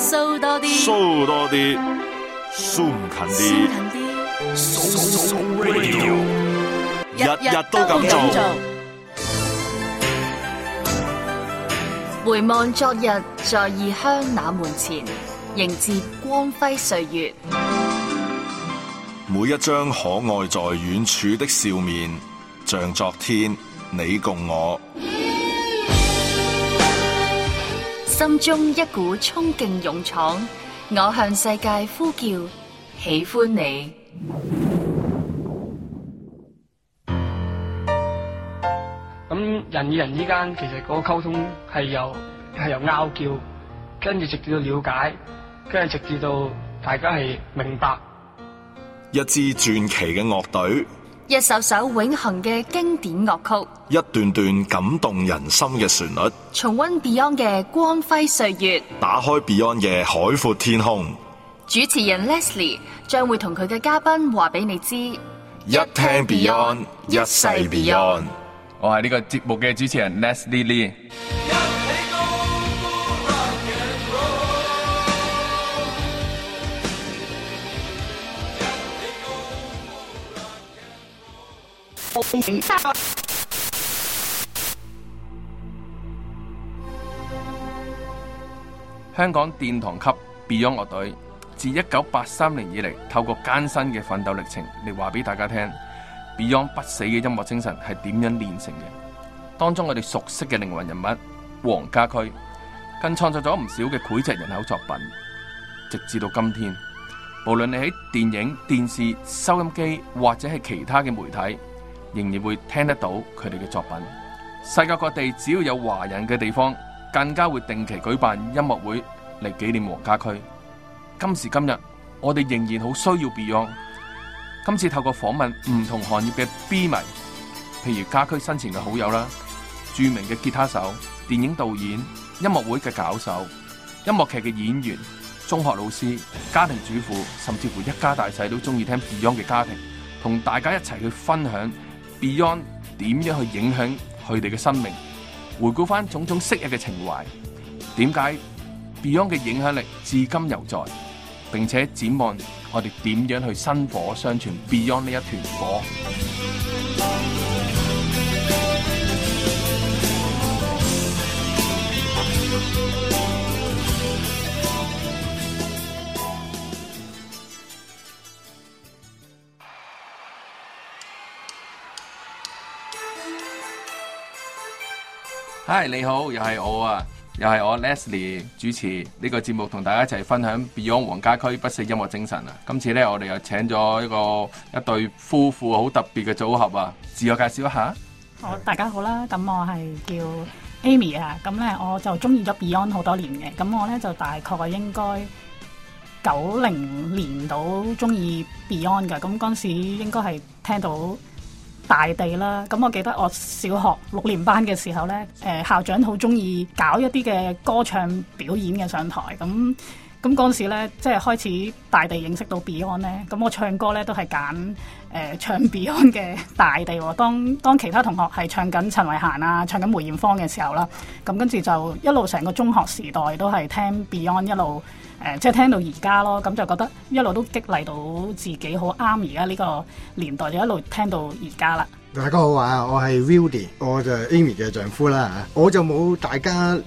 收多啲，收唔勤啲，收近啲，radio 日日都咁做。回望昨日，在異鄉那門前，迎接光輝歲月。每一張可愛在遠處的笑面，像昨天你共我。心中一股衝勁勇闖，我向世界呼叫，喜歡你。咁人與人之間，其實嗰個溝通係由係由拗撬，跟住直至到了解，跟住直至到大家係明白。一支傳奇嘅樂隊。一首首永恆嘅經典樂曲，一段段感動人心嘅旋律，重温 Beyond 嘅光輝歲月，打開 Beyond 嘅海闊天空。主持人 Leslie 將會同佢嘅嘉賓話俾你知，一聽 Beyond，一世 Beyond。我係呢個節目嘅主持人 Leslie Lee。香港殿堂級 Beyond 樂隊自一九八三年以嚟，透過艱辛嘅奮鬥歷程嚟話俾大家聽 Beyond 不死嘅音樂精神係點樣煉成嘅。當中，我哋熟悉嘅靈魂人物黃家駒，更創作咗唔少嘅膾炙人口作品。直至到今天，無論你喺電影、電視、收音機，或者係其他嘅媒體，仍然會聽得到佢哋嘅作品。世界各地只要有華人嘅地方，更加會定期舉辦音樂會嚟紀念黃家駒。今時今日，我哋仍然好需要 Beyond。今次透過訪問唔同行業嘅 B 迷，譬如家駒生前嘅好友啦，著名嘅吉他手、電影導演、音樂會嘅搞手、音樂劇嘅演員、中學老師、家庭主婦，甚至乎一家大細都中意聽 Beyond 嘅家庭，同大家一齊去分享。Beyond 點樣去影響佢哋嘅生命？回顧翻種種昔日嘅情懷，點解 Beyond 嘅影響力至今猶在？並且展望我哋點樣去薪火相傳 Beyond 呢一團火？嗨，你好，又係我啊，又係我 Leslie 主持呢個節目，同大家一齊分享 Beyond 黃家駒不死音樂精神啊！今次咧，我哋又請咗一個一對夫婦好特別嘅組合啊！自我介紹一下，好、哦，大家好啦，咁我係叫 Amy 啊，咁咧我就中意咗 Beyond 好多年嘅，咁我咧就大概應該九零年到中意 Beyond 噶，咁嗰時應該係聽到。大地啦，咁我記得我小學六年班嘅時候呢，誒校長好中意搞一啲嘅歌唱表演嘅上台咁咁嗰陣時呢，即係開始大地認識到 Beyond 呢。咁我唱歌呢，都係揀誒唱 Beyond 嘅大地喎。當當其他同學係唱緊陳慧嫻啊，唱緊梅艷芳嘅時候啦，咁跟住就一路成個中學時代都係聽 Beyond 一路。誒，即係聽到而家咯，咁就覺得一路都激勵到自己，好啱而家呢個年代，就一路聽到而家啦。大家好啊，我係 Willie，我就 Amy 嘅丈夫啦嚇，我就冇大家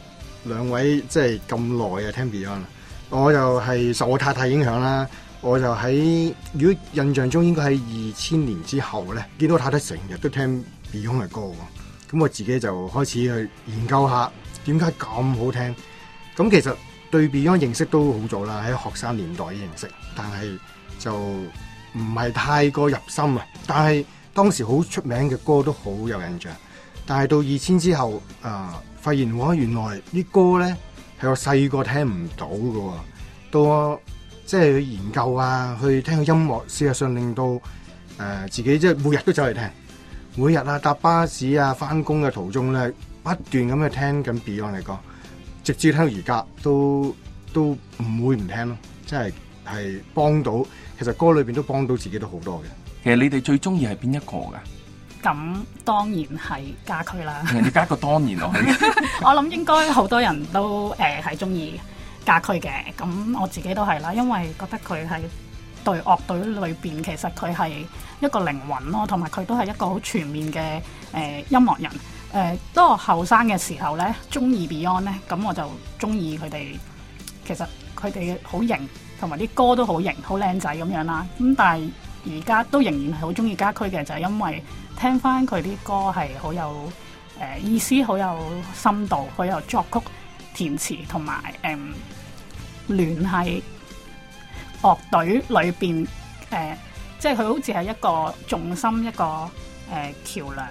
兩位即係咁耐啊聽 Beyond，我就係受我太太影響啦，我就喺如果印象中應該喺二千年之後咧，見到太太成日都聽 Beyond 嘅歌喎，咁我自己就開始去研究下點解咁好聽，咁其實。對 Beyond 認識都好早啦，喺學生年代啲認識，但係就唔係太過入心啊。但係當時好出名嘅歌都好有印象，但係到二千之後啊，發現我原來啲歌咧係我細個聽唔到㗎，到我即係去研究啊，去聽個音樂，事實上令到誒自己即係每日都走嚟聽，每日啊搭巴士啊翻工嘅途中咧不斷咁去聽緊 Beyond 嘅歌。直至聽到而家都都唔會唔聽咯，即係係幫到。其實歌裏邊都幫到自己都好多嘅。其實你哋最中意係邊一個㗎？咁當然係家駒啦。你加一個當然咯。 我諗應該好多人都誒係中意家駒嘅。咁我自己都係啦，因為覺得佢係對樂隊裏邊其實佢係一個靈魂咯，同埋佢都係一個好全面嘅誒、呃、音樂人。誒、呃、當我後生嘅時候呢，中意 Beyond 呢，咁我就中意佢哋。其實佢哋好型，同埋啲歌都好型，好靚仔咁樣啦。咁但係而家都仍然係好中意家駒嘅，就係、是、因為聽翻佢啲歌係好有誒、呃、意思，好有深度，好有作曲、填詞同埋誒聯繫樂隊裏邊誒，即係佢好似係一個重心，一個誒、呃、橋梁。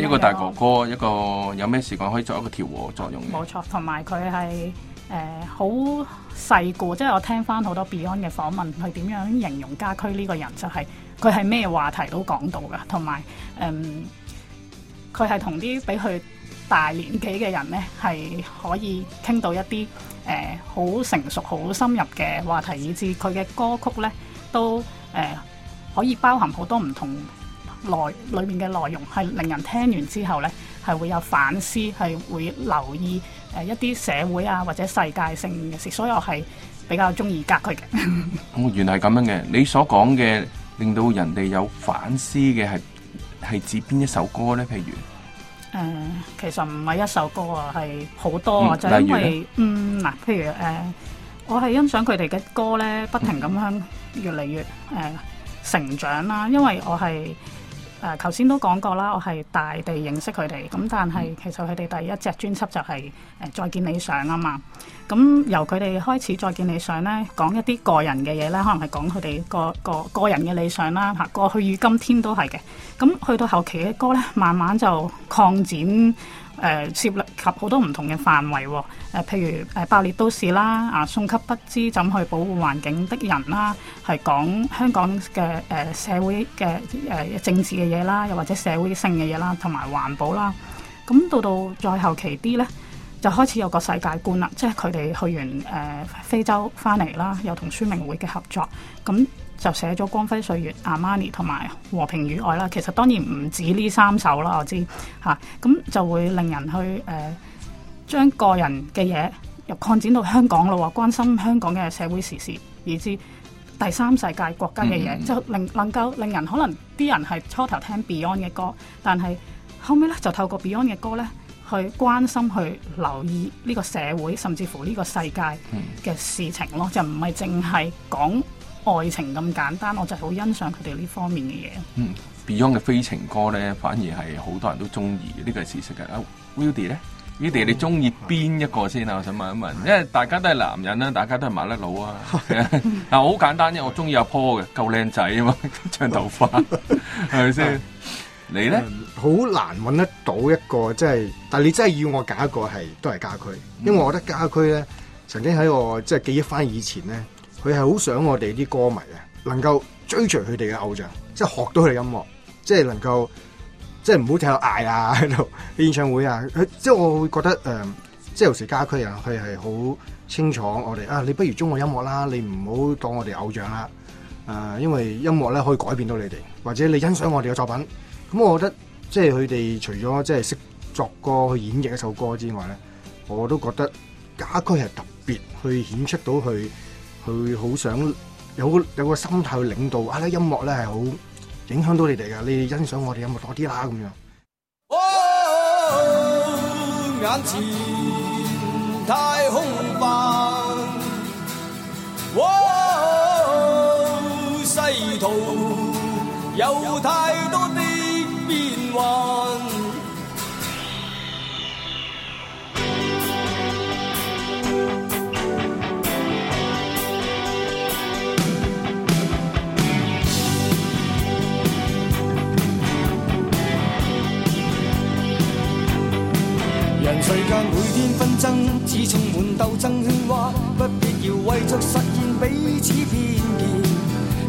一個大哥哥，一個有咩事講可以作一個調和作用嘅。冇錯，同埋佢係誒好細個，即係我聽翻好多 Beyond 嘅訪問，佢點樣形容家駒呢個人？就係佢係咩話題都講到噶，同埋嗯，佢係同啲比佢大年紀嘅人咧，係可以傾到一啲誒好成熟、好深入嘅話題，以至佢嘅歌曲咧都誒、呃、可以包含好多唔同。內裏面嘅內容係令人聽完之後呢，係會有反思，係會留意誒、呃、一啲社會啊，或者世界性嘅事，所以我係比較中意隔佢嘅。 哦，原來係咁樣嘅。你所講嘅令到人哋有反思嘅係係指邊一首歌呢？譬如誒、呃，其實唔係一首歌啊，係好多啊、嗯，就因為嗯嗱，譬如誒、呃，我係欣賞佢哋嘅歌呢，不停咁樣越嚟越誒、嗯呃、成長啦，因為我係。誒、呃，頭先都講過啦，我係大地認識佢哋，咁但係其實佢哋第一隻專輯就係、是、誒、呃、再見理想啊嘛，咁由佢哋開始再見理想咧，講一啲個人嘅嘢啦，可能係講佢哋個個個人嘅理想啦，嚇過去與今天都係嘅，咁去到後期嘅歌咧，慢慢就擴展。誒，涉及好多唔同嘅範圍喎，譬如誒，爆裂都市啦，啊，送給不知怎去保護環境的人啦，係講香港嘅社會嘅政治嘅嘢啦，又或者社會性嘅嘢啦，同埋環保啦。咁到到再後期啲呢，就開始有個世界觀啦，即係佢哋去完非洲翻嚟啦，又同宣明會嘅合作咁。就寫咗《光輝歲月》、《阿瑪尼》同埋《和平與愛》啦。其實當然唔止呢三首啦，我知嚇。咁、啊、就會令人去誒、呃、將個人嘅嘢又擴展到香港咯，關心香港嘅社會時事，以至第三世界國家嘅嘢，嗯、就令能夠令人可能啲人係初頭聽 Beyond 嘅歌，但係後尾咧就透過 Beyond 嘅歌咧去關心、去留意呢個社會，甚至乎呢個世界嘅事情咯，嗯、就唔係淨係講愛情咁簡單，我就係好欣賞佢哋呢方面嘅嘢。嗯，Beyond 嘅非情歌咧，反而係好多人都中意、uh, 呢個係事實嘅。阿 Willie 咧，Willie 你中意邊一個先啊、哦？我想問一問，因為大家都係男人啦、啊，大家都係麻甩佬啊。嗱，好 簡單啫，我中意阿 Paul 嘅，夠靚仔啊嘛，長頭髮，係咪先？ 是吧 你咧？好、嗯、難揾得到一個，即、就、係、是，但係你真係要我揀一個係，都係家駒、嗯，因為我覺得家駒咧，曾經喺我即係記憶翻以前咧。佢係好想我哋啲歌迷啊，能夠追隨佢哋嘅偶像，即係學到佢哋音樂，即係能夠，即係唔好聽到嗌啊喺度演唱會啊，佢即係我會覺得誒、呃，即係有時家居人佢係好清楚我哋啊，你不如中國音樂啦，你唔好當我哋偶像啦，誒、啊，因為音樂咧可以改變到你哋，或者你欣賞我哋嘅作品，咁我覺得即係佢哋除咗即係識作歌去演繹一首歌之外咧，我都覺得家駒係特別去顯出到佢。佢好想有個有個心態去領導啊！呢音樂咧係好影響到你哋噶，你哋欣賞我哋音樂多啲啦咁樣。哦，眼前太空世界每天紛爭，只充滿鬥爭喧嘩，不必要為着實現彼此偏見。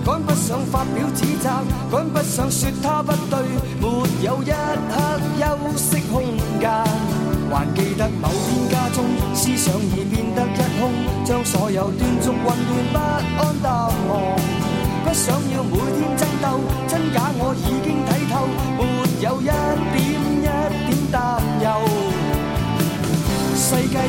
趕不上發表指責，趕不上說他不對，沒有一刻休息空間。還記得某天家中，思想已變得一空，將所有斷續混亂不安淡忘。不想要每天爭鬥。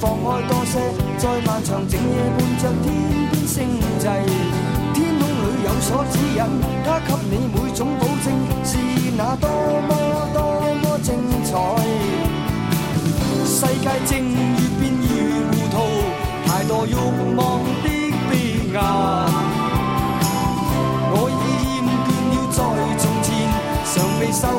放開多些，再漫長整夜伴着天邊星際，天空裏有所指引，它給你每種保證，是那多麼多麼精彩。世界正越變越糊塗，太多欲望的悲哀，我已厭倦了在從前常被受騙。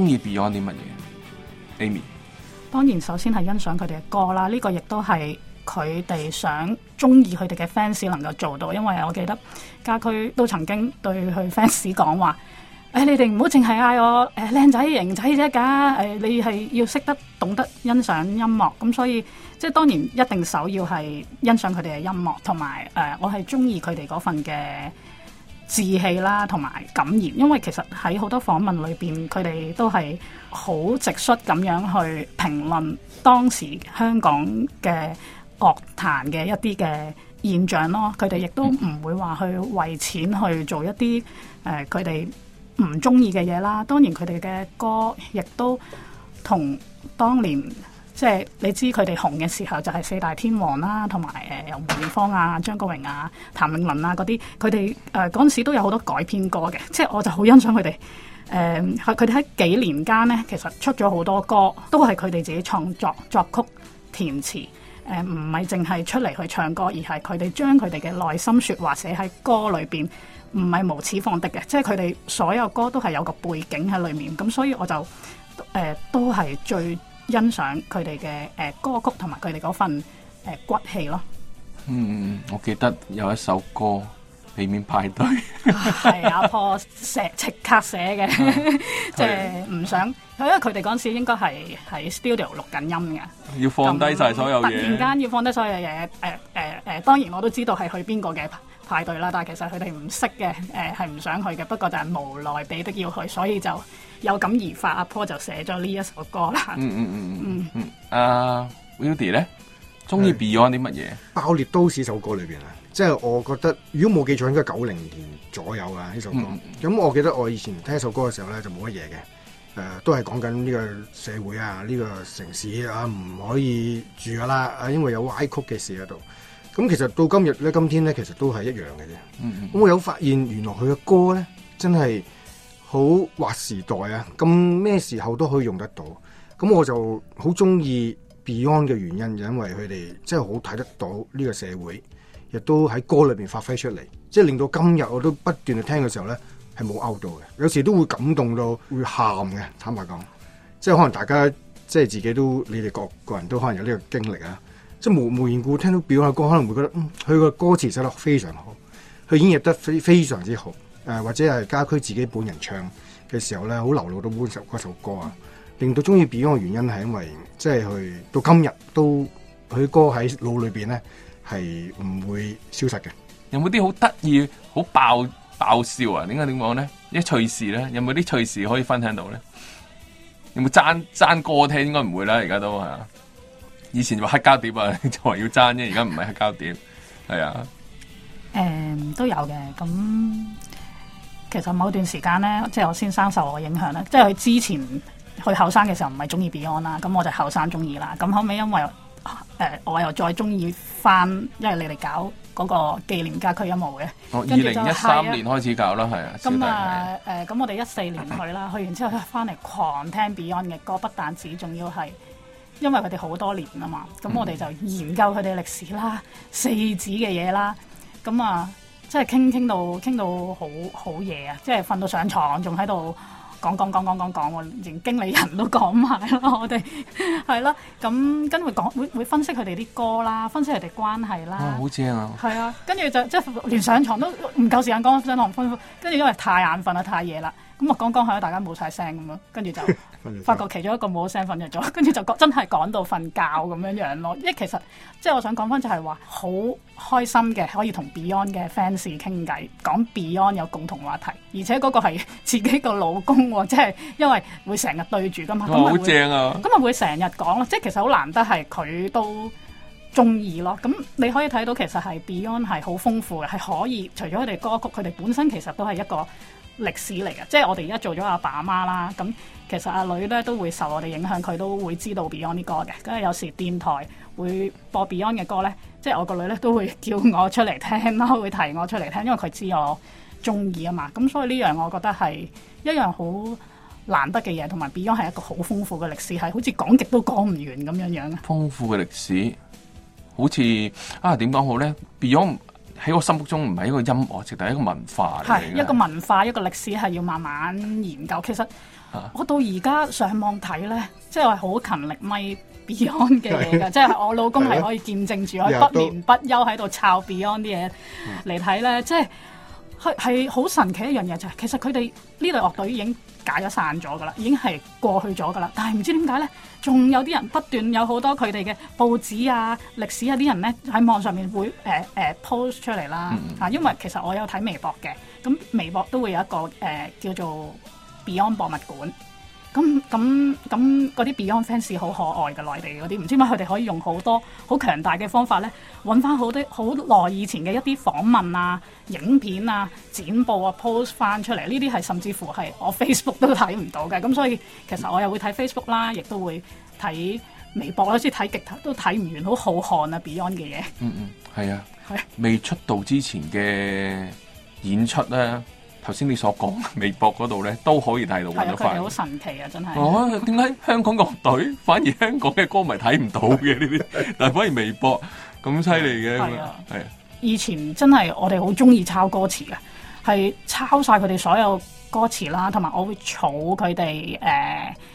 中意 Beyond 啲乜嘢，Amy？當然，首先係欣賞佢哋嘅歌啦。呢個亦都係佢哋想中意佢哋嘅 fans 能夠做到。因為我記得家駒都曾經對佢 fans 講話：誒，你哋唔好淨係嗌我誒靚仔型仔啫㗎。誒，你係要識得懂得欣賞音樂。咁所以即係當然，一定首要係欣賞佢哋嘅音樂，同埋誒，我係中意佢哋嗰份嘅志氣啦，同埋感染，因為其實喺好多訪問裏邊，佢哋都係好直率咁樣去評論當時香港嘅樂壇嘅一啲嘅現象咯。佢哋亦都唔會話去為錢去做一啲誒佢哋唔中意嘅嘢啦。當然佢哋嘅歌亦都同當年。即係你知佢哋紅嘅時候就係四大天王啦，同埋誒有梅艷、呃、芳啊、張國榮啊、譚詠麟啊嗰啲，佢哋誒嗰陣時都有好多改編歌嘅，即係我就好欣賞佢哋誒，佢哋喺幾年間咧，其實出咗好多歌，都係佢哋自己創作作曲填詞誒，唔係淨係出嚟去唱歌，而係佢哋將佢哋嘅內心説話寫喺歌裏邊，唔係無恥放敵的嘅，即係佢哋所有歌都係有個背景喺裏面，咁所以我就誒、呃、都係最欣賞佢哋嘅誒歌曲，同埋佢哋嗰份誒、呃、骨氣咯。嗯，我記得有一首歌俾面派對，係 阿 Paul 寫，即刻寫嘅，即係唔想。因為佢哋嗰陣時應該係喺 studio 錄緊音嘅，要放低晒所有嘢。突然間要放低所有嘢，誒誒誒，當然我都知道係去邊個嘅派對啦。但係其實佢哋唔識嘅，誒係唔想去嘅。不過就係無奈被逼要去，所以就。有感而發，阿 Paul 就寫咗呢一首歌啦。嗯嗯嗯嗯嗯嗯。阿 Willie 咧，中 意、uh, Beyond 啲乜嘢？爆裂都市首歌裏邊啊，即係我覺得，如果冇記錯，應該九零年左右啊呢首歌。咁、嗯、我記得我以前聽呢首歌嘅時候咧，就冇乜嘢嘅。誒、呃，都係講緊呢個社會啊，呢、這個城市啊，唔可以住噶啦。啊，因為有歪曲嘅事喺、啊、度。咁其實到今日咧，今天咧，其實都係一樣嘅啫。咁、嗯、我有發現，原來佢嘅歌咧，真係。好劃時代啊！咁咩時候都可以用得到，咁我就好中意 Beyond 嘅原因，就因為佢哋真係好睇得到呢個社會，亦都喺歌裏邊發揮出嚟，即係令到今日我都不斷去聽嘅時候咧，係冇 out 到嘅，有時都會感動到會喊嘅。坦白講，即係可能大家即係自己都你哋個個人都可能有呢個經歷啊！即係無無緣故聽到 Beyond 嘅歌，可能會覺得，嗯，佢個歌詞寫得非常好，佢演繹得非非常之好。誒，或者係家駒自己本人唱嘅時候咧，好流露到嗰首嗰首歌啊，令到中意 Beyond 嘅原因係因為即係佢到今日都佢歌喺腦裏邊咧係唔會消失嘅。有冇啲好得意、好爆爆笑啊？點解點講咧？一趣事咧？有冇啲趣事可以分享到咧？有冇爭爭歌聽？應該唔會啦。而家都係啊。以前就話黑膠碟啊，就話要爭啫。而家唔係黑膠碟，係啊。誒、嗯、都有嘅，咁。其實某段時間咧，即係我先生受我嘅影響咧，即係佢之前去後生嘅時候唔係中意 Beyond 啦，咁我就喜歡那後生中意啦。咁後尾因為誒、呃、我又再中意翻，因為你哋搞嗰個紀念家駒音樂會，哦，二零一三年開始搞啦，係啊，咁啊誒，咁、呃、我哋一四年去啦，去完之後翻嚟狂聽 Beyond 嘅歌，不但止仲要係因為佢哋好多年啊嘛，咁我哋就研究佢哋嘅歷史啦、四子嘅嘢啦，咁啊。即係傾傾到傾到好好夜，啊！即係瞓到上床還在，仲喺度講講講講講講喎，連經理人都講埋咯，我哋係咯。咁跟住講會會分析佢哋啲歌啦，分析佢哋關係啦。哦！好正啊！係啊，跟住就即係連上床都唔夠時間講上牀，跟住因為太眼瞓啦，太夜啦。咁啊，講講下，大家冇晒聲咁咯，跟住就發覺其中一個冇聲瞓着咗，跟住 就真係講到瞓覺咁樣樣咯。即其實，即係我想講翻就係話，好開心嘅可以同 Beyond 嘅 fans 傾偈，講 Beyond 有共同話題，而且嗰個係自己個老公，即係因為會成日對住噶嘛，咁啊、哦、好正啊！咁啊會成日講咯，即係其實好難得係佢都中意咯。咁你可以睇到其實係 Beyond 係好豐富嘅，係可以除咗佢哋歌曲，佢哋本身其實都係一個。歷史嚟嘅，即係我哋而家做咗阿爸阿媽啦，咁其實阿女咧都會受我哋影響，佢都會知道 Beyond 啲歌嘅，咁係有時電台會播 Beyond 嘅歌咧，即係我個女咧都會叫我出嚟聽啦，會提我出嚟聽，因為佢知我中意啊嘛，咁所以呢樣我覺得係一樣好難得嘅嘢，同埋 Beyond 係一個好豐富嘅歷史，係好似講極都講唔完咁樣樣嘅。豐富嘅歷史，好似啊點講好咧？Beyond。喺我心目中唔係一個音樂，直頭一個文化嚟。係一個文化，一個歷史係要慢慢研究。其實、啊、我到而家上網睇咧，即係我係好勤力咪 Beyond 嘅嘢㗎。 即係我老公係可以見證住， 我不眠不休喺度抄 Beyond 啲嘢嚟睇咧，即係。係係好神奇一樣嘢就係，其實佢哋呢類樂隊已經解咗散咗㗎喇，已經係過去咗㗎喇。但係唔知點解呢，仲有啲人不斷有好多佢哋嘅報紙啊、歷史啊，啲人呢喺網上面會誒誒、呃呃、post 出嚟啦。嗯嗯啊，因為其實我有睇微博嘅，咁微博都會有一個誒、呃、叫做 Beyond 博物館。咁咁咁嗰啲 Beyond fans 好可愛嘅內地嗰啲，唔知點解佢哋可以用好多好強大嘅方法咧，揾翻好多好耐以前嘅一啲訪問啊、影片啊、剪報啊、post 翻出嚟，呢啲係甚至乎係我 Facebook 都睇唔到嘅。咁所以其實我又會睇 Facebook 啦，亦都會睇微博啦，先睇極都睇唔完，好浩瀚啊 Beyond 嘅嘢。嗯嗯，係啊，係啊，未出道之前嘅演出咧。頭先你所講，微博嗰度咧都可以睇到翻。好、啊、神奇啊！真係。哦，點解香港樂隊 反而香港嘅歌迷睇唔到嘅呢啲？但係反而微博咁犀利嘅。係、啊啊啊、以前真係我哋好鍾意抄歌詞嘅，係抄晒佢哋所有歌詞啦，同埋我會儲佢哋誒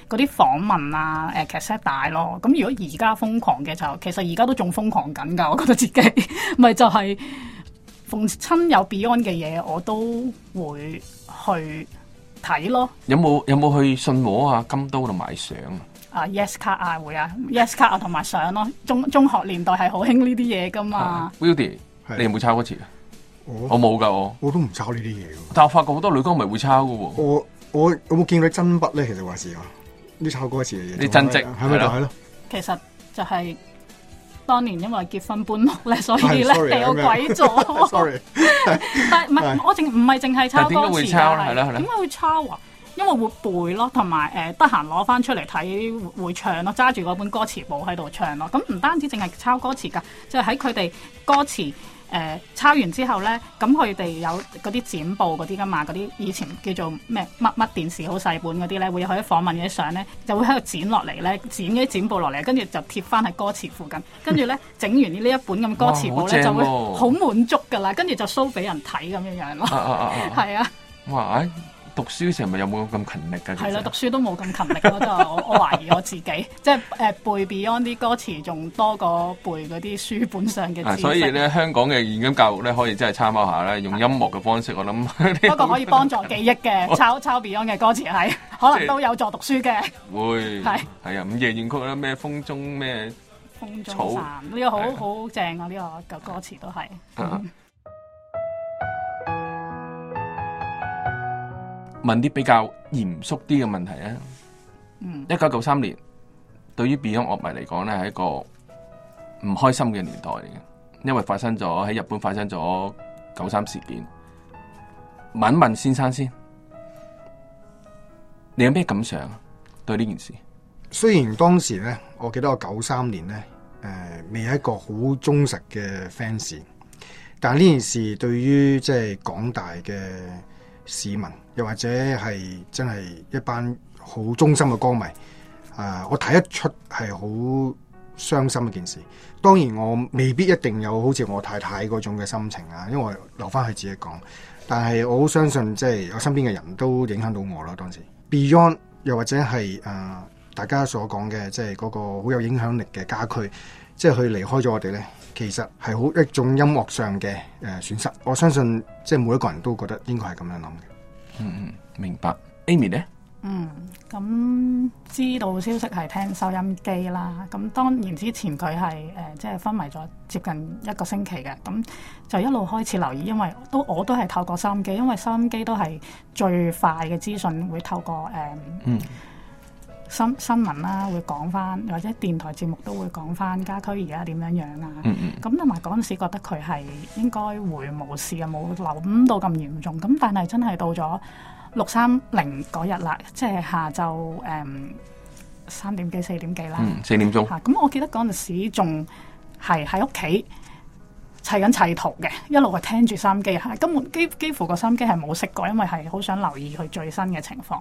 嗰啲訪問啊、誒、呃、卡式帶咯。咁如果而家瘋狂嘅就，其實而家都仲瘋狂緊㗎。我覺得自己咪就係、是。同親友 Beyond 嘅嘢，我都會去睇咯。有冇有冇去信和啊金都度買相啊？啊 Yes 卡啊會啊 Yes 卡啊同埋相咯。中中學年代係好興呢啲嘢噶嘛？Willie，你有冇抄歌詞啊？我冇噶，我我,我都唔抄呢啲嘢。但我發覺好多女歌迷會抄噶喎、啊。我我,我有冇見過真筆咧？其實話事啊，你抄歌詞嘅嘢，你真跡係咪咯？其實就係、是。當年因為結婚搬屋咧，所以咧地個鬼咗。Sorry, sorry. 但唔係 不 我淨唔係淨係抄歌詞啊，點解會抄啊？就係、為抄 因為會背咯，同埋誒得閒攞翻出嚟睇會唱咯，揸住嗰本歌詞簿喺度唱咯。咁唔單止淨係抄歌詞噶，即係喺佢哋歌詞。誒、呃、抄完之後咧，咁佢哋有嗰啲剪報嗰啲噶嘛，嗰啲以前叫做咩乜乜電視好細本嗰啲咧，會有佢啲訪問嘅相咧，就會喺度剪落嚟咧，剪咗啲剪報落嚟，跟住就貼翻喺歌詞附近，跟住咧整完呢一本咁歌詞簿咧、哦，就會好滿足噶啦，跟住就 show 俾人睇咁樣樣咯，係啊，啊，啊，啊，啊。讀書時咪有冇咁勤力嘅、啊？係啦、啊，讀書都冇咁勤力咯、啊，就我我懷疑我自己， 即係誒、呃、背 Beyond 啲歌詞仲多過背嗰啲書本上嘅。啊，所以咧，香港嘅現今教育咧，可以真係參考下啦。用音樂嘅方式，啊、我諗。不過可以幫助記憶嘅，抄抄 Beyond 嘅歌詞係可能都有助讀書嘅。會係係啊，午、啊、夜怨曲啦，咩風中咩風中草呢、呢個好、啊、好正啊！呢、呢個嘅歌詞都係。啊嗯問啲比較嚴肅啲嘅問題咧，一九九三年對於 Beyond 樂迷嚟講咧係一個唔開心嘅年代嚟嘅，因為發生咗喺日本發生咗九三事件。問一問先生先，你有咩感想對呢件事？雖然當時咧，我記得我九三年咧，誒未係一個好忠實嘅 fans，但係呢件事對於即係廣大嘅。市民又或者係真係一班好忠心嘅歌迷，啊、uh,，我睇得出係好傷心嘅件事。當然我未必一定有好似我太太嗰種嘅心情啊，因為留翻佢自己講。但係我好相信，即、就、係、是、我身邊嘅人都影響到我啦。當時 Beyond 又或者係啊，uh, 大家所講嘅即係嗰個好有影響力嘅家駒，即係佢離開咗我哋呢，其實係好一種音樂上嘅誒、呃、損失，我相信即係每一個人都覺得應該係咁樣諗嘅。嗯嗯，明白。Amy 呢？嗯，咁知道消息係聽收音機啦。咁當然之前佢係誒即係昏迷咗接近一個星期嘅，咁就一路開始留意，因為都我都係透過收音機，因為收音機都係最快嘅資訊會透過誒、呃。嗯。新新聞啦，會講翻，或者電台節目都會講翻家駒而家點樣樣啊。咁同埋嗰陣時覺得佢係應該會無事啊，冇諗到咁嚴重。咁但係真係到咗六三零嗰日啦，即係下晝誒三點幾四點幾啦。四點鐘。嚇！咁我記得嗰陣時仲係喺屋企砌緊砌圖嘅，一路係聽住心機，係根本幾幾乎個心機係冇熄過，因為係好想留意佢最新嘅情況。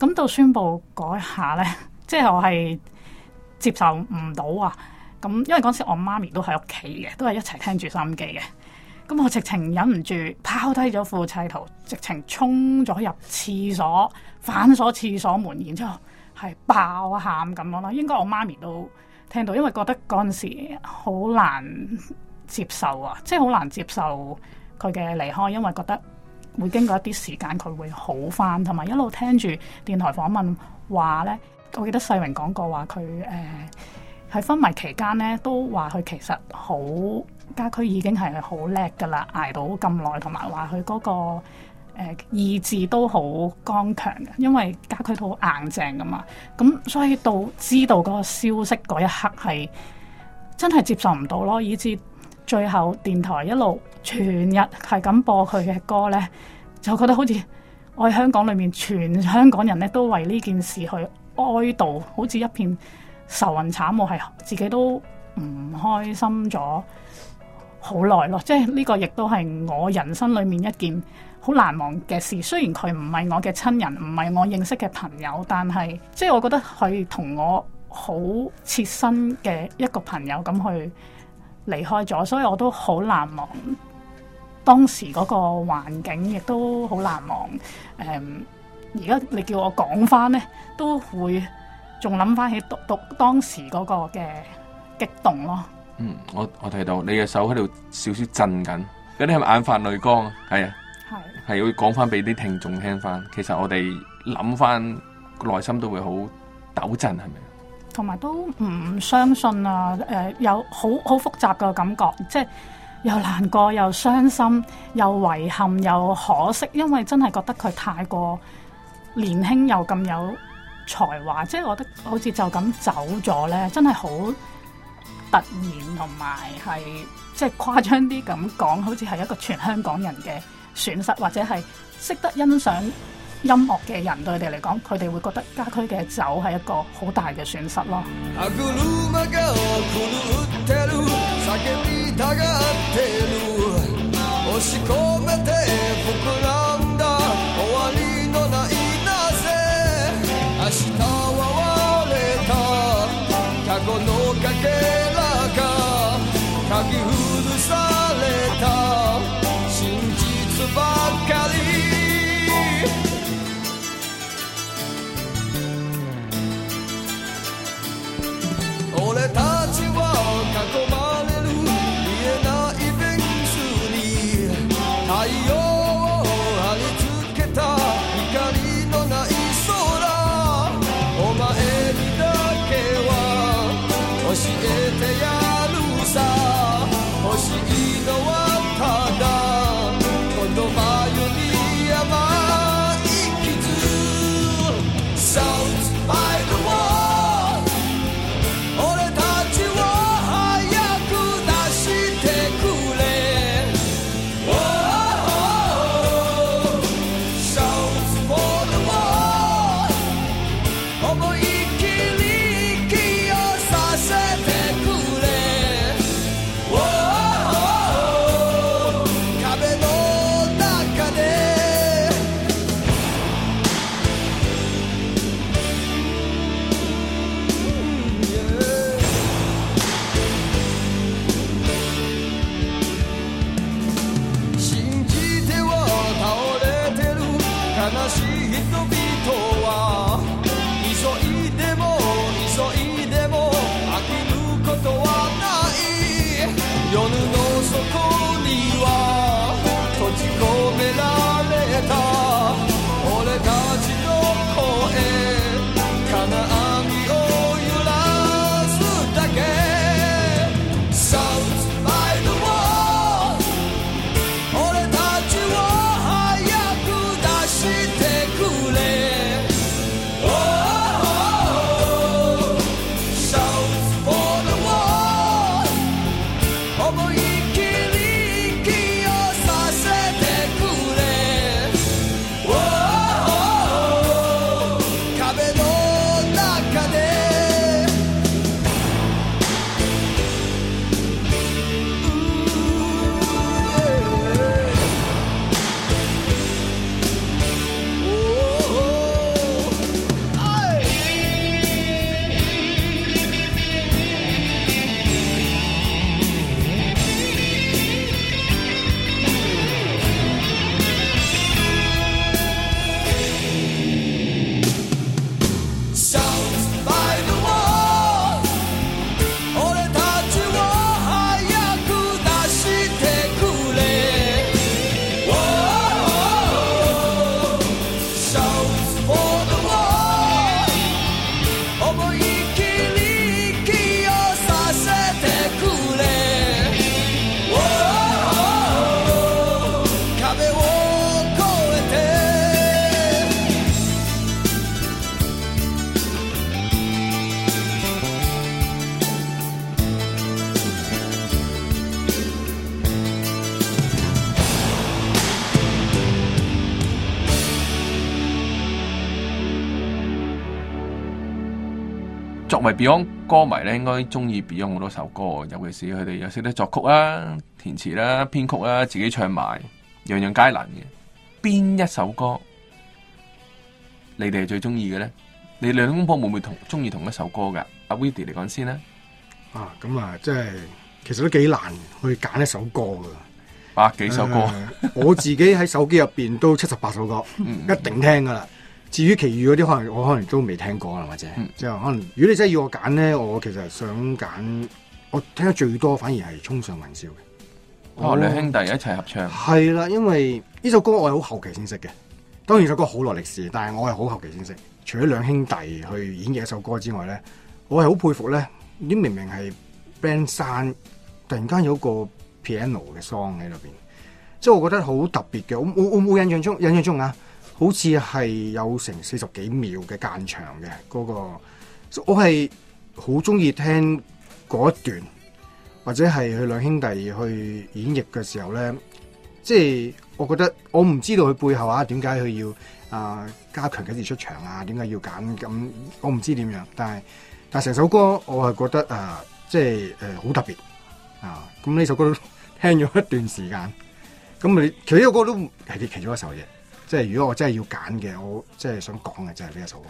咁到宣布嗰下呢，即係我係接受唔到啊！咁因為嗰時我媽咪都喺屋企嘅，都係一齊聽住收音機嘅。咁我直情忍唔住，拋低咗副砌圖，直情衝咗入廁所，反鎖廁所門，然之後係爆喊咁樣啦。應該我媽咪都聽到，因為覺得嗰陣時好難接受啊，即係好難接受佢嘅離開，因為覺得。會經過一啲時間，佢會好翻，同埋一路聽住電台訪問話咧，我記得世榮講過話佢誒喺昏迷期間咧，都話佢其實好家駒已經係好叻噶啦，挨到咁耐，同埋話佢嗰個誒、呃、意志都好剛強嘅，因為家駒都好硬淨噶嘛，咁所以到知道嗰個消息嗰一刻係真係接受唔到咯，以至……最後電台一路全日係咁播佢嘅歌呢，就覺得好似我喺香港裏面全香港人咧都為呢件事去哀悼，好似一片愁雲慘霧，係自己都唔開心咗好耐咯。即係呢個亦都係我人生裏面一件好難忘嘅事。雖然佢唔係我嘅親人，唔係我認識嘅朋友，但係即係我覺得佢同我好切身嘅一個朋友咁去離開咗，所以我都好難忘當時嗰個環境，亦都好難忘。誒，而家你叫我講翻咧，都會仲諗翻起讀讀當時嗰個嘅激動咯。嗯，我我睇到你嘅手喺度少少震緊，嗰啲係咪眼泛淚光啊？係啊，係係會講翻俾啲聽眾聽翻。其實我哋諗翻內心都會好抖震，係咪？同埋都唔相信啊！誒、呃，有好好複雜嘅感覺，即係又難過、又傷心、又遺憾、又可惜，因為真係覺得佢太過年輕又咁有才華，即我覺得好似就咁走咗呢，真係好突然，同埋係即係誇張啲咁講，好似係一個全香港人嘅損失，或者係識得欣賞音樂嘅人對佢哋嚟講，佢哋會覺得家駒嘅走係一個好大嘅損失咯。 同埋 Beyond 歌迷咧，應該中意 Beyond 好多首歌，尤其是佢哋又識得作曲啦、啊、填詞啦、啊、編曲啦、啊，自己唱埋，樣樣皆難嘅。邊一首歌你哋係最中意嘅咧？你兩公婆會唔會同中意同一首歌噶？阿 Witty 嚟講先啦。啊，咁、嗯、啊，即係其實都幾難去揀一首歌噶。啊，幾首歌？呃、 我自己喺手機入邊都七十八首歌，嗯、一定聽噶啦。嗯嗯至於其餘嗰啲，可能我可能都未聽過啦，或者即係、嗯、可能。如果你真係要我揀咧，我其實想揀我聽得最多，反而係《衝上雲霄》嘅、哦，兩、哦、兄弟一齊合唱。係啦，因為呢首歌我係好後期先識嘅。當然首歌好耐歷史，但係我係好後期先識。除咗兩兄弟去演嘅一首歌之外咧，我係好佩服咧。呢明明係 band sound，突然間有個 piano 嘅 song 喺裏邊，即係我覺得好特別嘅。我我我冇印象中，印象中啊～好似係有成四十幾秒嘅間場嘅嗰個，我係好中意聽嗰一段，或者係佢兩兄弟去演繹嘅時候咧，即、就、係、是、我覺得我唔知道佢背後啊，點解佢要啊、呃、加強幾次出場啊，點解要揀咁，我唔知點樣，但係但係成首歌我係覺得、呃就是呃、很啊，即係誒好特別啊！咁呢首歌都聽咗一段時間，咁你其實呢個歌都係其中一首嘢。即係如果我真係要揀嘅，我真係想講嘅就係呢一首歌。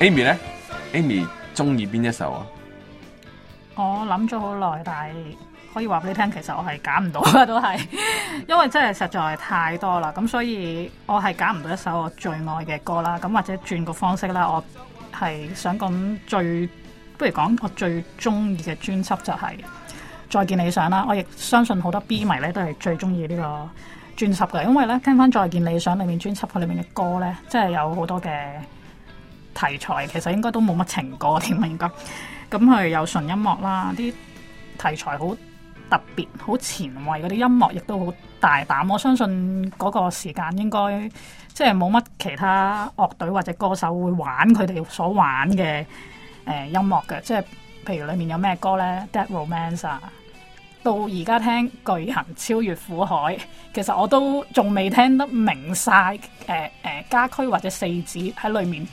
Amy 咧，Amy 中意邊一首啊？我諗咗好耐，但係可以話俾你聽，其實我係揀唔到啊，都係因為真係實在太多啦。咁所以我係揀唔到一首我最愛嘅歌啦。咁或者轉個方式啦，我係想講最，不如講我最中意嘅專輯就係《再見理想》啦。我亦相信好多 B 迷咧都係最中意呢個專輯噶，因為咧聽翻《再見理想》裏面專輯佢裏面嘅歌咧，真係有好多嘅。題材其實應該都冇乜情歌添啊，應該咁佢、嗯、有純音樂啦，啲題材好特別，好前衞嗰啲音樂，亦都好大膽。我相信嗰個時間應該即係冇乜其他樂隊或者歌手會玩佢哋所玩嘅誒、呃、音樂嘅，即係譬如裏面有咩歌呢？《Dead Romance》啊，到而家聽《巨行超越苦海》，其實我都仲未聽得，得明晒誒誒家駒或者四子喺裏面。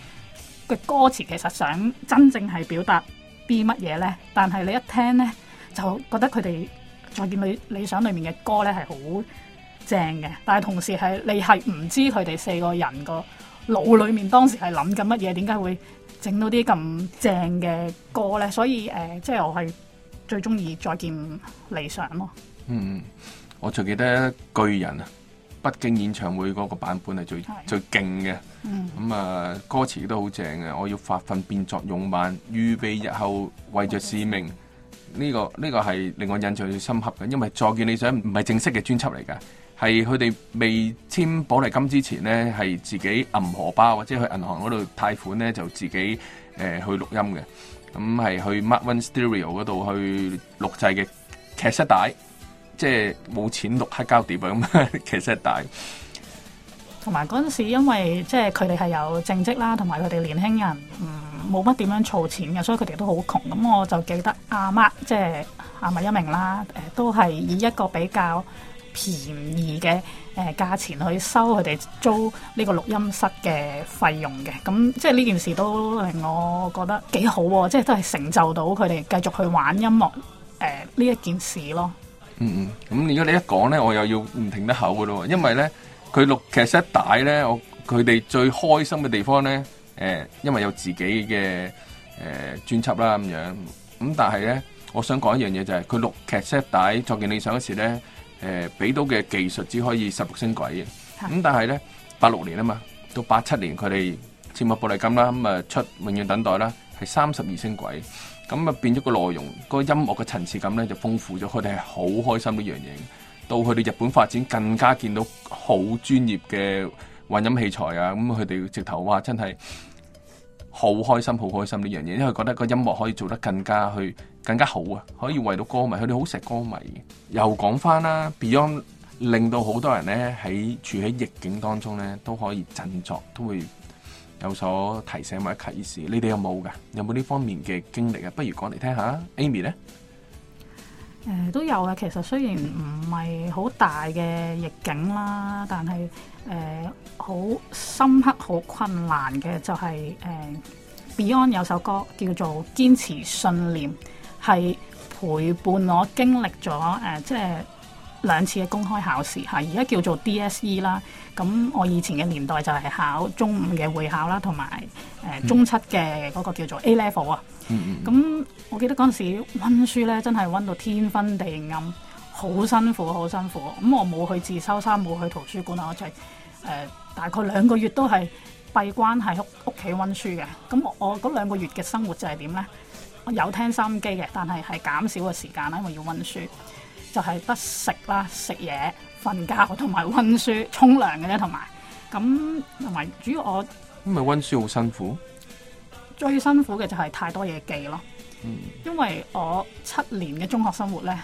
嘅歌詞其實想真正係表達啲乜嘢呢？但係你一聽呢，就覺得佢哋《再見理想》裏面嘅歌呢係好正嘅，但係同時係你係唔知佢哋四個人個腦裏面當時係諗緊乜嘢，點解會整到啲咁正嘅歌呢？所以誒、呃，即係我係最中意《再見理想》咯。嗯，我仲記得巨人啊。北京演唱會嗰個版本係最是的最勁嘅，咁、嗯、啊、嗯、歌詞都好正嘅。我要發奮變作勇猛，預備日後為着使命。呢、這個呢、這個係令我印象最深刻嘅，因為《再見理想》唔係正式嘅專輯嚟㗎，係佢哋未簽寶麗金之前呢係自己揼荷包或者去銀行嗰度貸款呢就自己誒、呃、去錄音嘅，咁、嗯、係去 Mark One Stereo 嗰度去錄製嘅劇室帶。即係冇錢錄黑膠碟咁，其實係大。同埋嗰陣時，因為即係佢哋係有正職啦，同埋佢哋年輕人唔冇乜點樣儲錢嘅，所以佢哋都好窮。咁我就記得阿 Mark，即係阿麥一鳴啦，誒都係以一個比較便宜嘅誒、呃、價錢去收佢哋租呢個錄音室嘅費用嘅。咁即係呢件事都令我覺得幾好喎、啊，即係都係成就到佢哋繼續去玩音樂誒呢、呃、一件事咯。嗯嗯，咁如果你一講咧，我又要唔停得口嘅咯，因為咧佢錄劇 set 帶咧，我佢哋最開心嘅地方咧，誒，因為有自己嘅誒專輯啦咁樣，咁但係咧，我想講一樣嘢就係佢錄劇 set 帶，作再見理想嗰時咧，誒俾到嘅技術只可以十六星軌嘅，咁但係咧八六年啊嘛，到八七年佢哋簽咗寶麗金啦，咁啊出永遠等待啦。係三十二星軌，咁啊變咗個內容，個音樂嘅層次感咧就豐富咗。佢哋係好開心呢樣嘢，到佢哋日本發展更加見到好專業嘅混音器材啊！咁佢哋直頭話，真係好開心，好開心呢樣嘢，因為他覺得個音樂可以做得更加去，更加好啊！可以為到歌迷，佢哋好錫歌迷，又講翻啦，Beyond 令到好多人咧喺處喺逆境當中咧都可以振作，都會。有所提醒或者啟示，你哋有冇噶？有冇呢方面嘅經歷啊？不如講嚟聽下。Amy 咧，誒、呃、都有啊。其實雖然唔係好大嘅逆境啦，但係誒好深刻、好困難嘅就係、是、誒、呃、Beyond 有首歌叫做《堅持信念》，係陪伴我經歷咗誒即係。兩次嘅公開考試嚇，而家叫做 DSE 啦。咁我以前嘅年代就係考中五嘅會考啦，同埋誒中七嘅嗰個叫做 A level 啊。咁、嗯嗯、我記得嗰陣時温書咧，真係温到天昏地暗，好辛苦，好辛苦。咁、嗯、我冇去自修室，冇去圖書館啊，我就係、是、誒、呃、大概兩個月都係閉關喺屋屋企温書嘅。咁我嗰兩個月嘅生活就係點咧？我有聽收音機嘅，但係係減少嘅時間啦，因為要温書。就係得食啦，食嘢、瞓覺同埋温書、沖涼嘅啫，同埋咁同埋主要我咁咪温書好辛苦，最辛苦嘅就係太多嘢記咯。嗯，因為我七年嘅中學生活咧，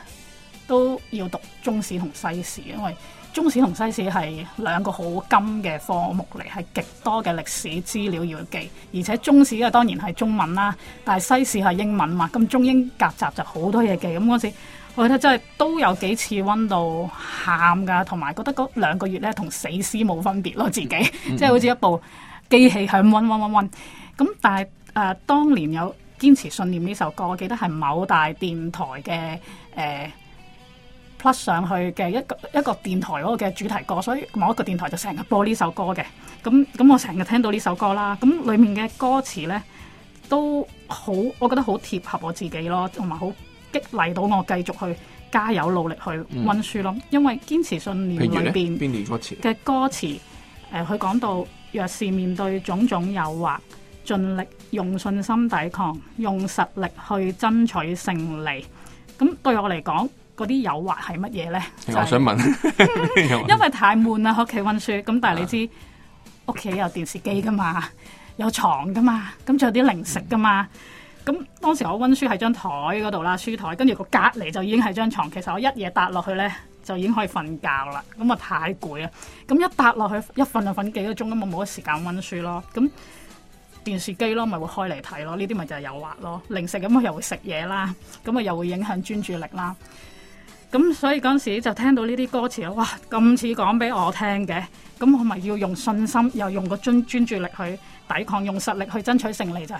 都要讀中史同西史，因為中史同西史係兩個好金嘅科目嚟，係極多嘅歷史資料要記，而且中史啊當然係中文啦，但係西史係英文嘛，咁中英夾雜就好多嘢記，咁嗰時。我覺得真係都有幾次温到喊㗎，同埋覺得嗰兩個月咧同死屍冇分別咯，自己即係、嗯、 好似一部機器響温温温温。咁但係誒、呃，當年有堅持信念呢首歌，我記得係某大電台嘅誒、呃、Plus 上去嘅一個一個電台嗰個嘅主題歌，所以某一個電台就成日播呢首歌嘅。咁咁我成日聽到呢首歌啦。咁裡面嘅歌詞咧都好，我覺得好貼合我自己咯，同埋好，激勵到我繼續去加油努力去温書咯，因為堅持信念裏邊嘅歌詞，誒，佢、呃、講到若是面對種種誘惑，盡力用信心抵抗，用實力去爭取勝利。咁對我嚟講，嗰啲誘惑係乜嘢呢？我想問，就是、因為太悶啦，屋企温書。咁但係你知屋企、啊、有電視機噶嘛，有床噶嘛，咁仲有啲零食噶嘛。嗯咁當時我溫書喺張台嗰度啦，書台，跟住個隔離就已經係張床。其實我一夜搭落去咧，就已經可以瞓覺啦。咁啊太攰啦！咁一搭落去，一瞓就瞓幾個鐘，咁我冇乜時間溫書咯。咁電視機咯，咪會開嚟睇咯。呢啲咪就係誘惑咯。零食咁啊，又會食嘢啦，咁啊又會影響專注力啦。咁所以嗰陣時就聽到呢啲歌詞，哇！咁似講俾我聽嘅，咁我咪要用信心，又用個專專注力去抵抗，用實力去爭取勝利就係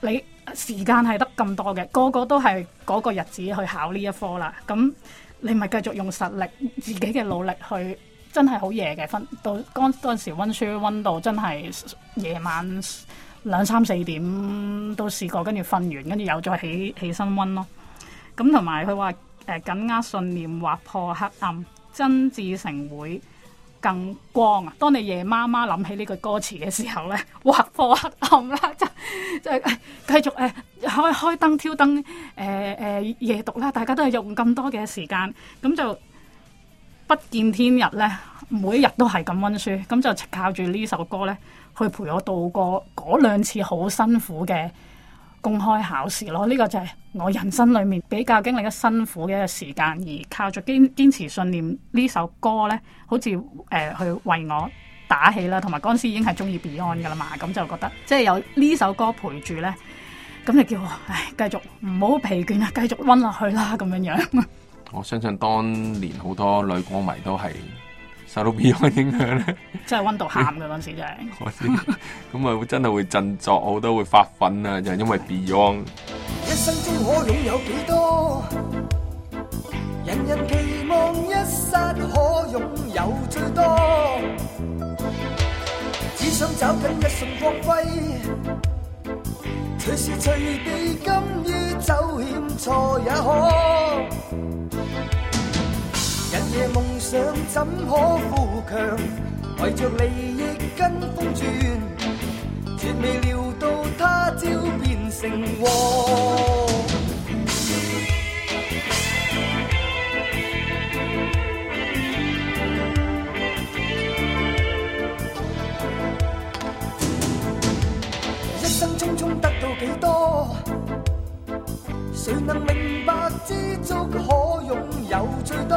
你。時間係得咁多嘅，個個都係嗰個日子去考呢一科啦。咁你咪繼續用實力、自己嘅努力去，真係好夜嘅瞓到嗰嗰陣時溫書溫到真係夜晚兩三四點都試過，跟住瞓完，跟住又再起起身溫咯。咁同埋佢話誒，緊握信念劃破黑暗，真至成會。更光啊！當你夜媽媽諗起呢句歌詞嘅時候咧，畫火黑暗啦，就即係、繼續誒、呃、開開燈挑燈誒誒夜讀啦！大家都係用咁多嘅時間，咁就不見天日咧。每一日都係咁溫書，咁就靠住呢首歌咧，去陪我度過嗰兩次好辛苦嘅。公開考試咯，呢個就係我人生裏面比較經歷咗辛苦嘅時間，而靠住堅堅持信念呢首歌呢，好似誒、呃、去為我打氣啦，同埋嗰時已經係中意 Beyond 噶啦嘛，咁就覺得即係有呢首歌陪住呢，咁就叫我唉繼續唔好疲倦啊，繼續溫落去啦，咁樣樣。我相信當年好多女歌迷都係。受到 Beyond 影響咧，即係温度喊嘅嗰陣時， 就真係。咁啊，真係會振作好多，會發奮啊！就係因為 Beyond。 一生中可擁有幾多？人人期望一剎可擁有最多。只想找緊一瞬光輝，隨時隨地甘於冒險錯也可。想怎可富強？為着利益跟風轉，絕未料到他朝變成禍。 一生匆匆得到幾多？誰能明白知足可擁有最多？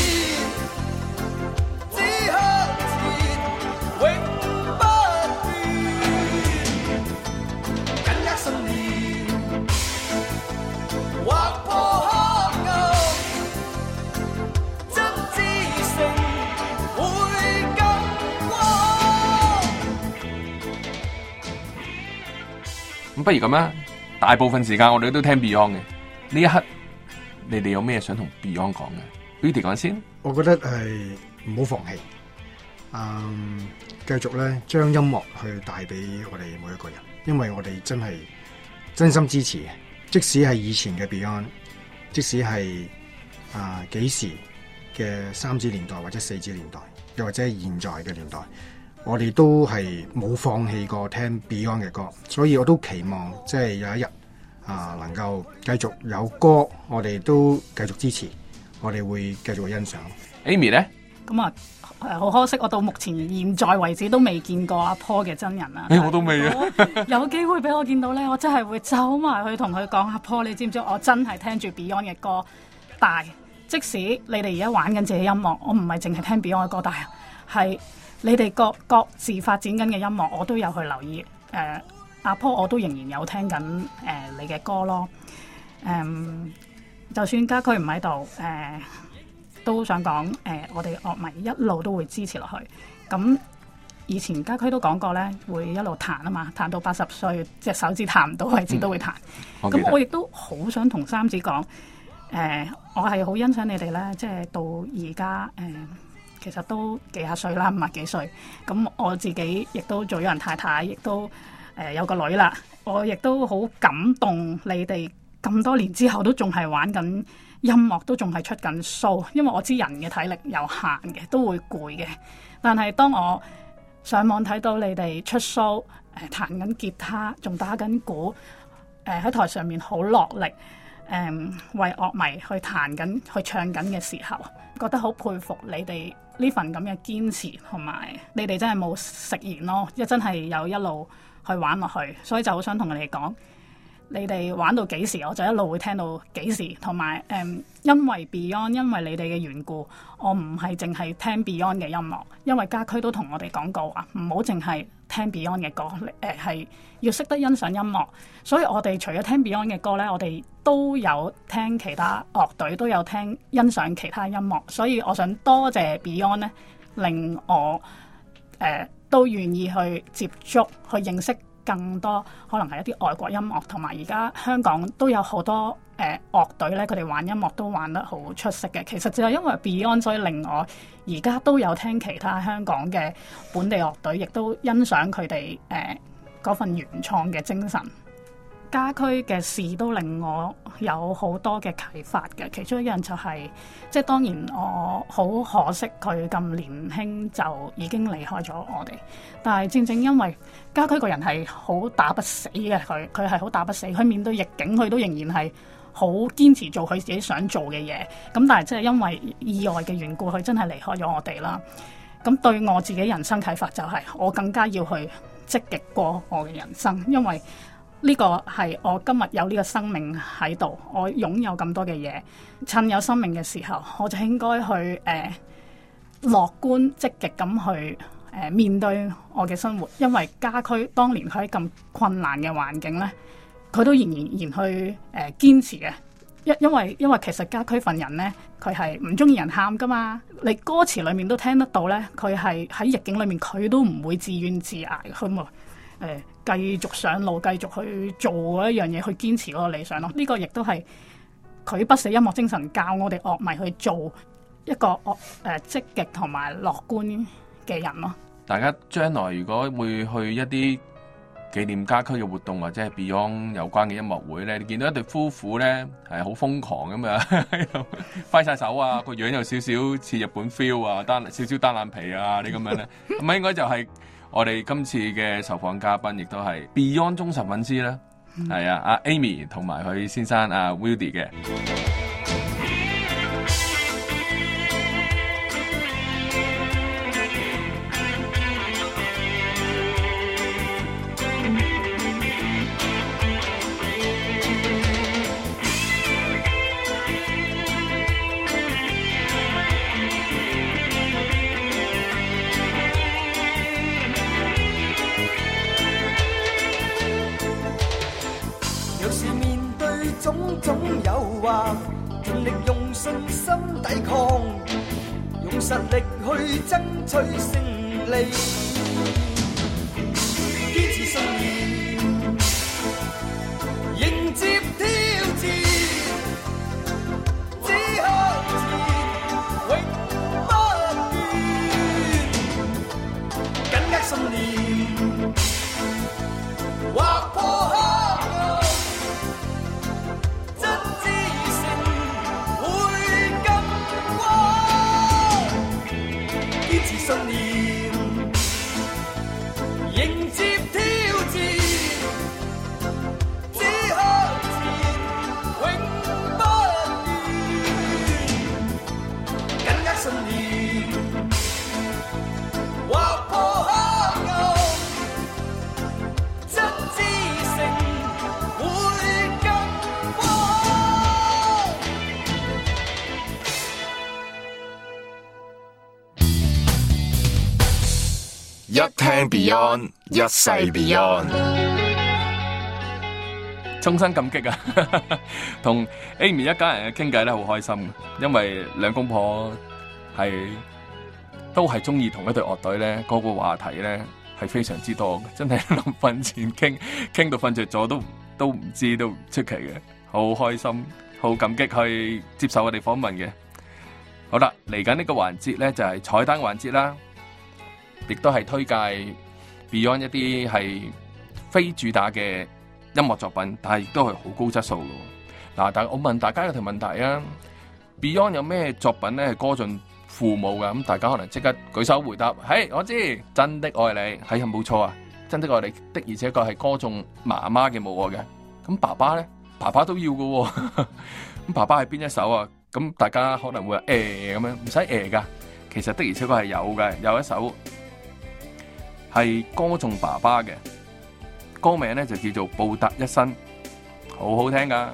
不如咁啦，大部分時間我哋都聽 Beyond 嘅。呢一刻，你哋有咩想同 Beyond 講嘅？Billy 講先。我覺得係唔好放棄，嗯，繼續咧將音樂去帶俾我哋每一個人，因為我哋真係真心支持。即使係以前嘅 Beyond，即使係啊幾時嘅三子年代或者四子年代，又或者係現在嘅年代。我哋都係冇放棄過聽 Beyond 嘅歌，所以我都期望即係有一日啊能夠繼續有歌，我哋都繼續支持，我哋會繼續欣賞。Amy 咧，咁啊，好可惜，我到目前現在為止都未見過阿 Paul 嘅真人啊。哎，我都未啊，有機會俾我見到咧，我真係會走埋去同佢講阿 Paul。你知唔知我真係聽住 Beyond 嘅歌大，但即使你哋而家玩緊自己的音樂，我唔係淨係聽 Beyond 嘅歌大啊，係。你哋各各自發展緊嘅音樂，我都有去留意。誒、呃，阿 Paul 我都仍然有聽緊誒、呃、你嘅歌咯。誒、嗯，就算家駒唔喺度，誒、呃、都想講誒、呃，我哋樂迷一路都會支持落去。咁以前家駒都講過咧，會一路彈啊嘛，彈到八十歲隻手指彈唔到位置都會彈。咁、嗯、我亦都好想同三子講，誒、呃，我係好欣賞你哋咧，即係到而家誒。呃其實都幾廿歲啦，五十幾歲。咁我自己亦都做咗人太太，亦都誒、呃、有個女啦。我亦都好感動，你哋咁多年之後都仲係玩緊音樂，都仲係出緊 show。因為我知人嘅體力有限嘅，都會攰嘅。但係當我上網睇到你哋出 show，誒彈緊吉他，仲打緊鼓，誒、呃、喺台上面好落力，誒、呃、為樂迷去彈緊去唱緊嘅時候，覺得好佩服你哋。呢份咁嘅堅持同埋，還有你哋真係冇食言咯，一真係有一路去玩落去，所以就好想同你哋講，你哋玩到幾時，我就一路會聽到幾時，同埋誒，因為 Beyond，因為你哋嘅緣故，我唔係淨係聽 Beyond 嘅音樂，因為家駒都同我哋講過啊，唔好淨係，聽 Beyond 嘅歌，誒、呃、係要識得欣賞音樂，所以我哋除咗聽 Beyond 嘅歌咧，我哋都有聽其他樂隊，都有聽欣賞其他音樂，所以我想多謝 Beyond 咧，令我誒、呃、都願意去接觸，去認識。更多可能係一啲外國音樂同埋而家香港都有好多誒樂隊咧，佢哋玩音樂都玩得好出色嘅。其實就係因為 Beyond，所以令我而家都有聽其他香港嘅本地樂隊，亦都欣賞佢哋誒份原創嘅精神。家駒嘅事都令我有好多嘅啟發嘅，其中一樣就係、是、即係當然我好可惜佢咁年輕就已經離開咗我哋，但係正正因為家駒個人係好打不死嘅，佢，佢係好打不死，佢面對逆境佢都仍然係好堅持做佢自己想做嘅嘢，咁但係即係因為意外嘅緣故，佢真係離開咗我哋啦。咁對我自己人生啟發就係、是、我更加要去積極過我嘅人生，因為。呢、這個係我今日有呢個生命喺度，我擁有咁多嘅嘢，趁有生命嘅時候，我就應該去誒樂、呃、觀積極咁去誒、呃、面對我嘅生活，因為家駒當年佢喺咁困難嘅環境呢，佢都仍然仍然去誒堅、呃、持嘅，因因為因為其實家駒份人呢，佢係唔中意人喊噶嘛，你歌詞裡面都聽得到呢，佢係喺逆境裡面佢都唔會自怨自艾嘅咁誒。繼續上路，繼續去做一樣嘢，去堅持嗰個理想咯。呢、這個亦都係佢不死音樂精神教我哋樂迷去做一個樂誒、呃、積極同埋樂觀嘅人咯。大家將來如果會去一啲紀念家駒嘅活動，或者係 Beyond 有關嘅音樂會咧，你見到一對夫婦咧係好瘋狂咁啊， 揮晒手啊，個樣有少少似日本 feel 啊，單少少單眼皮啊，你咁樣咧，咁 啊應該就係、是。我哋今次嘅受訪嘉賓亦都係 Beyond 忠實粉絲啦，係、嗯、啊，阿 Amy 同埋佢先生阿 Wildy 嘅。Beyond，一世 Beyond，衷心感激啊！同 Amy 一家人嘅傾偈咧，好開心嘅，因為兩公婆係都係中意同一隊樂隊咧，嗰個話題咧係非常之多嘅，真係臨瞓前傾傾到瞓着咗都都唔知都唔出奇嘅，好開心，好感激去接受我哋訪問嘅。好啦，嚟緊呢個環節咧就係彩蛋環節啦，亦都係推介。Beyond 一啲係非主打嘅音樂作品，但係亦都係好高質素嘅。嗱，但係我問大家一條問題啊：Beyond 有咩作品咧係歌頌父母嘅？咁大家可能即刻舉手回答。係，我知，真的愛你，係冇錯啊！真的愛你的而且確係歌頌媽媽嘅母愛嘅。咁爸爸咧，爸爸都要嘅。咁 爸爸係邊一首啊？咁大家可能會誒咁、欸、樣，唔使誒噶。其實的而且確係有嘅，有一首。係歌頌爸爸嘅，歌名咧就叫做《報答一生》，好好聽噶。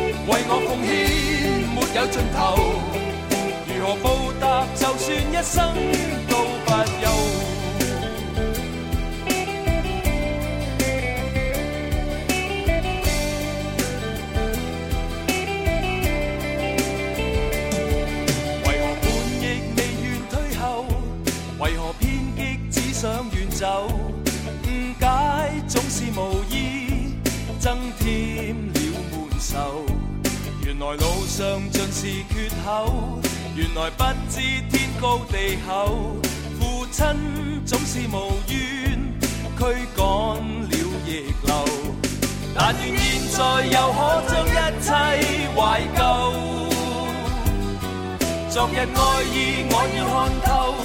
為我奉獻沒有盡頭，如何報答，就算一生都不休。在路上盡是缺口，原來不知天高地厚。父親總是無怨，驅趕了逆流。但願現在又可將一切懷舊。昨日愛意我已看透，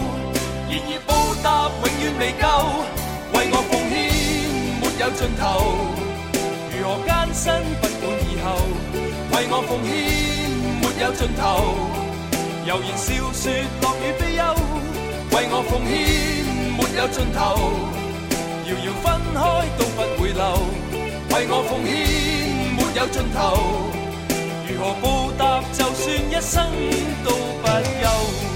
然而報答永遠未夠。為我奉獻沒有盡頭，如何艱辛不管以後。為我奉獻沒有盡頭，猶如笑說樂與悲憂。為我奉獻沒有盡頭，遙遙分開都不會留。為我奉獻沒有盡頭，如何報答就算一生都不夠。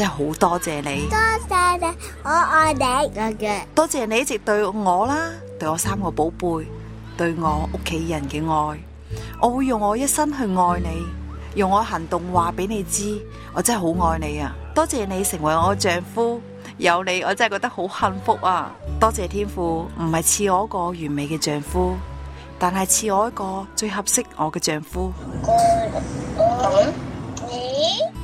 真係好多謝你，多謝你，我愛你。多謝你一直對我啦，對我三個寶貝，對我屋企人嘅愛，我會用我一生去愛你，用我行動話俾你知，我真係好愛你啊！多謝你成為我丈夫，有你我真係覺得好幸福啊！多謝天父，唔係賜我一個完美嘅丈夫，但係賜我一個最合適我嘅丈夫。咁？咦？